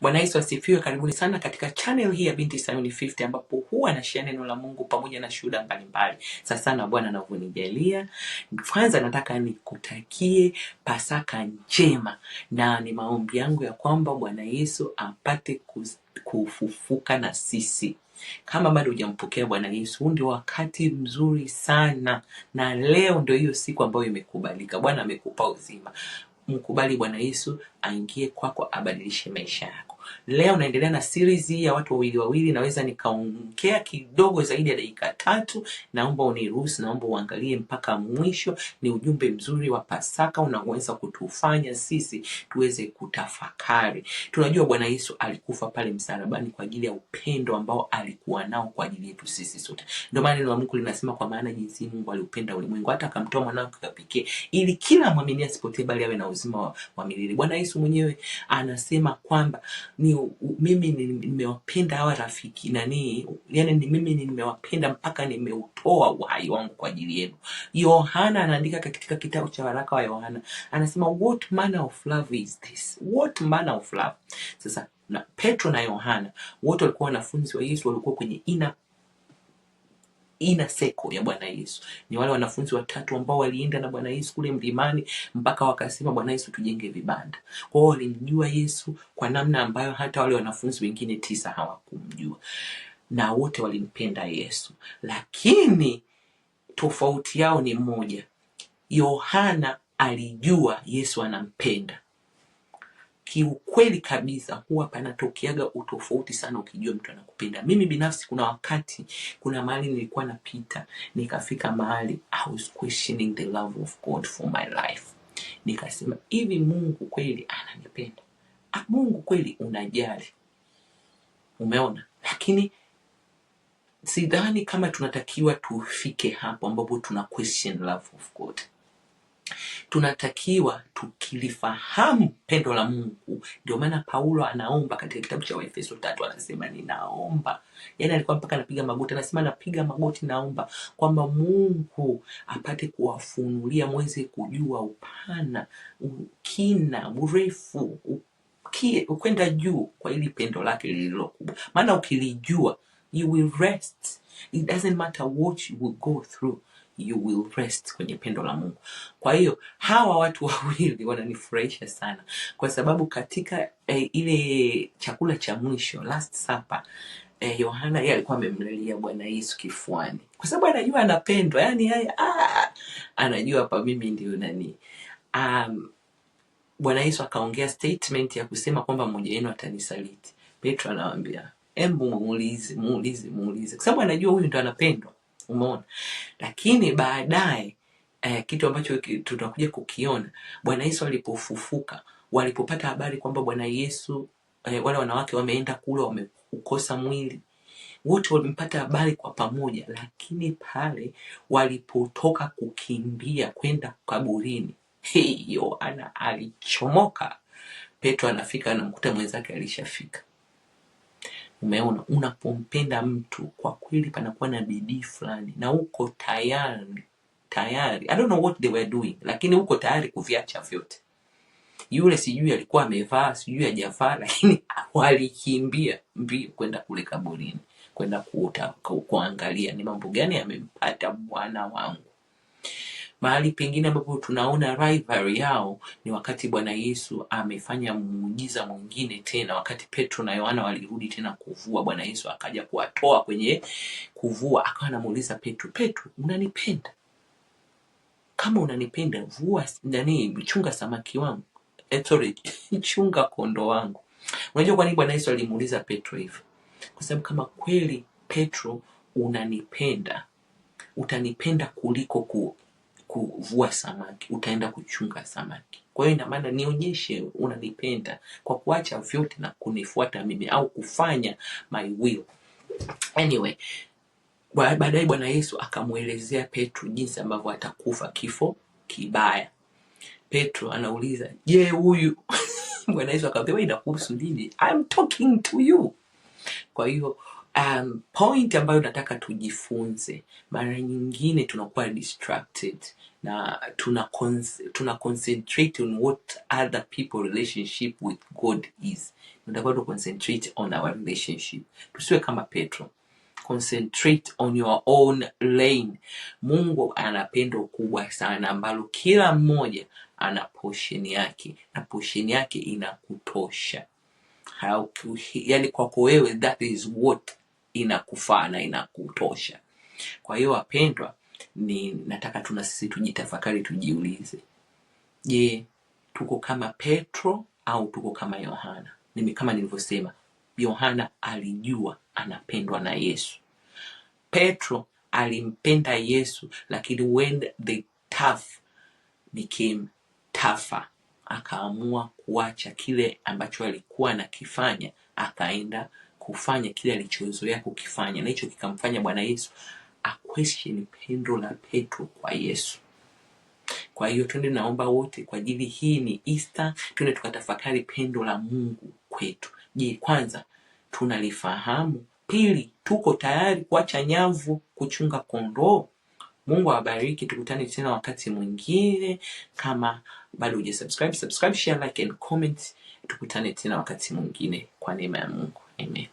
Bwana Yesu asifiwe. Karibuni sana katika channel hii ya Binti Sayuni 50 ambapo huwa nashia neno la Mungu pamoja na shuhuda mbalimbali. Sasa sana Bwana anavyonijalia. Kwanza nataka nikutakie Pasaka njema, na ni maombi yangu ya kwamba Bwana Yesu apate kufufuka na sisi kama bado hujampokea Bwana Yesu, huu ndio wakati mzuri sana, na leo ndio hiyo siku ambayo imekubalika. Bwana amekupa uzima, Mkubali Bwana Yesu aingie kwako abadilishe maisha yako. Leo naendelea na series hii ya watu wawili wawili, naweza nikaongea kidogo zaidi ya dakika tatu. Naomba uniruhusu, naomba uangalie mpaka mwisho. Ni ujumbe mzuri wa Pasaka unaweza kutufanya sisi tuweze kutafakari. Tunajua Bwana Yesu alikufa pale msalabani kwa ajili ya upendo ambao alikuwa nao kwa ajili yetu sisi sote. Ndio maana neno la Mungu linasema, kwa maana jinsi Mungu aliupenda ulimwengu hata akamtoa mwanawe pekee, ili kila mwamini asipotee, bali awe na uzima wa milele. Bwana Yesu mwenyewe anasema kwamba ni mimi nimewapenda hawa rafiki nanii yani ni mimi nimewapenda mpaka nimeutoa uhai wangu kwa ajili yenu. Yohana anaandika katika kitabu cha waraka wa Yohana anasema, what manner of love is this? What manner of love? Sasa na Petro na Yohana wote walikuwa wanafunzi wa Yesu, walikuwa kwenye inner ina seko ya Bwana Yesu. Ni wale wanafunzi watatu ambao walienda na Bwana Yesu kule mlimani mpaka wakasema, Bwana Yesu, tujenge vibanda. Kwa hiyo walimjua Yesu kwa namna ambayo hata wale wanafunzi wengine tisa hawakumjua, na wote walimpenda Yesu, lakini tofauti yao ni moja. Yohana alijua Yesu anampenda kiukweli kabisa huwa panatokeaga utofauti sana ukijua mtu anakupenda. Mimi binafsi kuna wakati, kuna mahali nilikuwa napita nikafika mahali I was questioning the love of God for my life. Nikasema hivi, Mungu kweli ananipenda? Ah, Mungu kweli unajali? Umeona, lakini sidhani kama tunatakiwa tufike hapo ambapo tuna question love of God tunatakiwa tukilifahamu pendo la Mungu. Ndio maana Paulo anaomba katika kitabu cha Waefeso tatu, anasema ninaomba, yani alikuwa mpaka anapiga magoti, anasema napiga magoti, naomba kwamba Mungu apate kuwafunulia mweze kujua upana, ukina, urefu, kwenda juu kwa ili pendo lake lililokubwa, maana ukilijua you will rest. It doesn't matter what you will go through you will rest kwenye pendo la Mungu. Kwa hiyo hawa watu wawili wananifurahisha sana, kwa sababu katika eh, ile chakula cha mwisho last supper eh, Yohana yeye alikuwa amemlalia Bwana Yesu kifuani, kwa sababu anajua anapendwa, yani haya ah, anajua hapa mimi ndio nani. Um, Bwana Yesu akaongea statement ya kusema kwamba mmoja wenu atanisaliti. Petro anawaambia embu muulize muulize muulize, kwa sababu anajua huyu ndo anapendwa umeona lakini baadaye eh, kitu ambacho tunakuja kukiona bwana yesu alipofufuka walipopata habari kwamba bwana yesu eh, wale wanawake wameenda kula wameukosa mwili wote walimpata habari kwa pamoja lakini pale walipotoka kukimbia kwenda kaburini hey, yohana alichomoka petro anafika anamkuta mwenzake alishafika Umeona, unapompenda mtu kwa kweli, panakuwa na bidii fulani na uko tayari tayari, I don't know what they were doing, lakini uko tayari kuviacha vyote. Yule sijui alikuwa amevaa sijui hajavaa, lakini walikimbia mbio kwenda kule kaburini, kwenda kuuta, kuangalia ni mambo gani yamempata bwana wangu. Mahali pengine ambapo tunaona rivalry yao ni wakati Bwana Yesu amefanya muujiza mwingine tena, wakati Petro na Yohana walirudi tena kuvua, Bwana Yesu akaja kuwatoa kwenye kuvua, akawa anamuuliza Petro, Petro, unanipenda? Kama unanipenda vua nani, chunga samaki wangu eh, sorry, chunga kondo wangu. Unajua kwa nini Bwana Yesu alimuuliza Petro hivi? Kwa sababu kama kweli Petro unanipenda utanipenda kuliko ku, kuvua samaki, utaenda kuchunga samaki. Kwa hiyo ina maana nionyeshe unanipenda kwa kuacha vyote na kunifuata mimi au kufanya my will. Anyway, baadaye Bwana Yesu akamwelezea Petro jinsi ambavyo atakufa kifo kibaya. Petro anauliza, je, huyu Bwana Yesu akamwambia, inakuhusu nini? I'm talking to you. Kwa hiyo um, point ambayo nataka tujifunze, mara nyingine tunakuwa distracted na tuna, tuna concentrate on what other people relationship with God is. Tunatakiwa tu concentrate on our relationship, tusiwe kama Petro. Concentrate on your own lane. Mungu ana pendo kubwa sana ambalo kila mmoja ana portion yake na portion yake inakutosha. Yaani kwako wewe that is what inakufaa na inakutosha. Kwa hiyo wapendwa, ni nataka tuna sisi tujitafakari, tujiulize, je, tuko kama Petro au tuko kama Yohana? mimi kama nilivyosema, Yohana alijua anapendwa na Yesu. Petro alimpenda Yesu, lakini when the tough became tougher, akaamua kuacha kile ambacho alikuwa anakifanya akaenda kufanya kile alichozoea kukifanya na hicho kikamfanya bwana yesu akwesheni pendo la petro kwa yesu kwa hiyo twende naomba wote kwa ajili hii ni easter twende tukatafakari pendo la mungu kwetu je kwanza tunalifahamu pili tuko tayari kuacha nyavu kuchunga kondoo mungu awabariki tukutane tena wakati mwingine kama bado hujasubscribe subscribe share like and comment tukutane tena wakati mwingine kwa neema ya mungu amen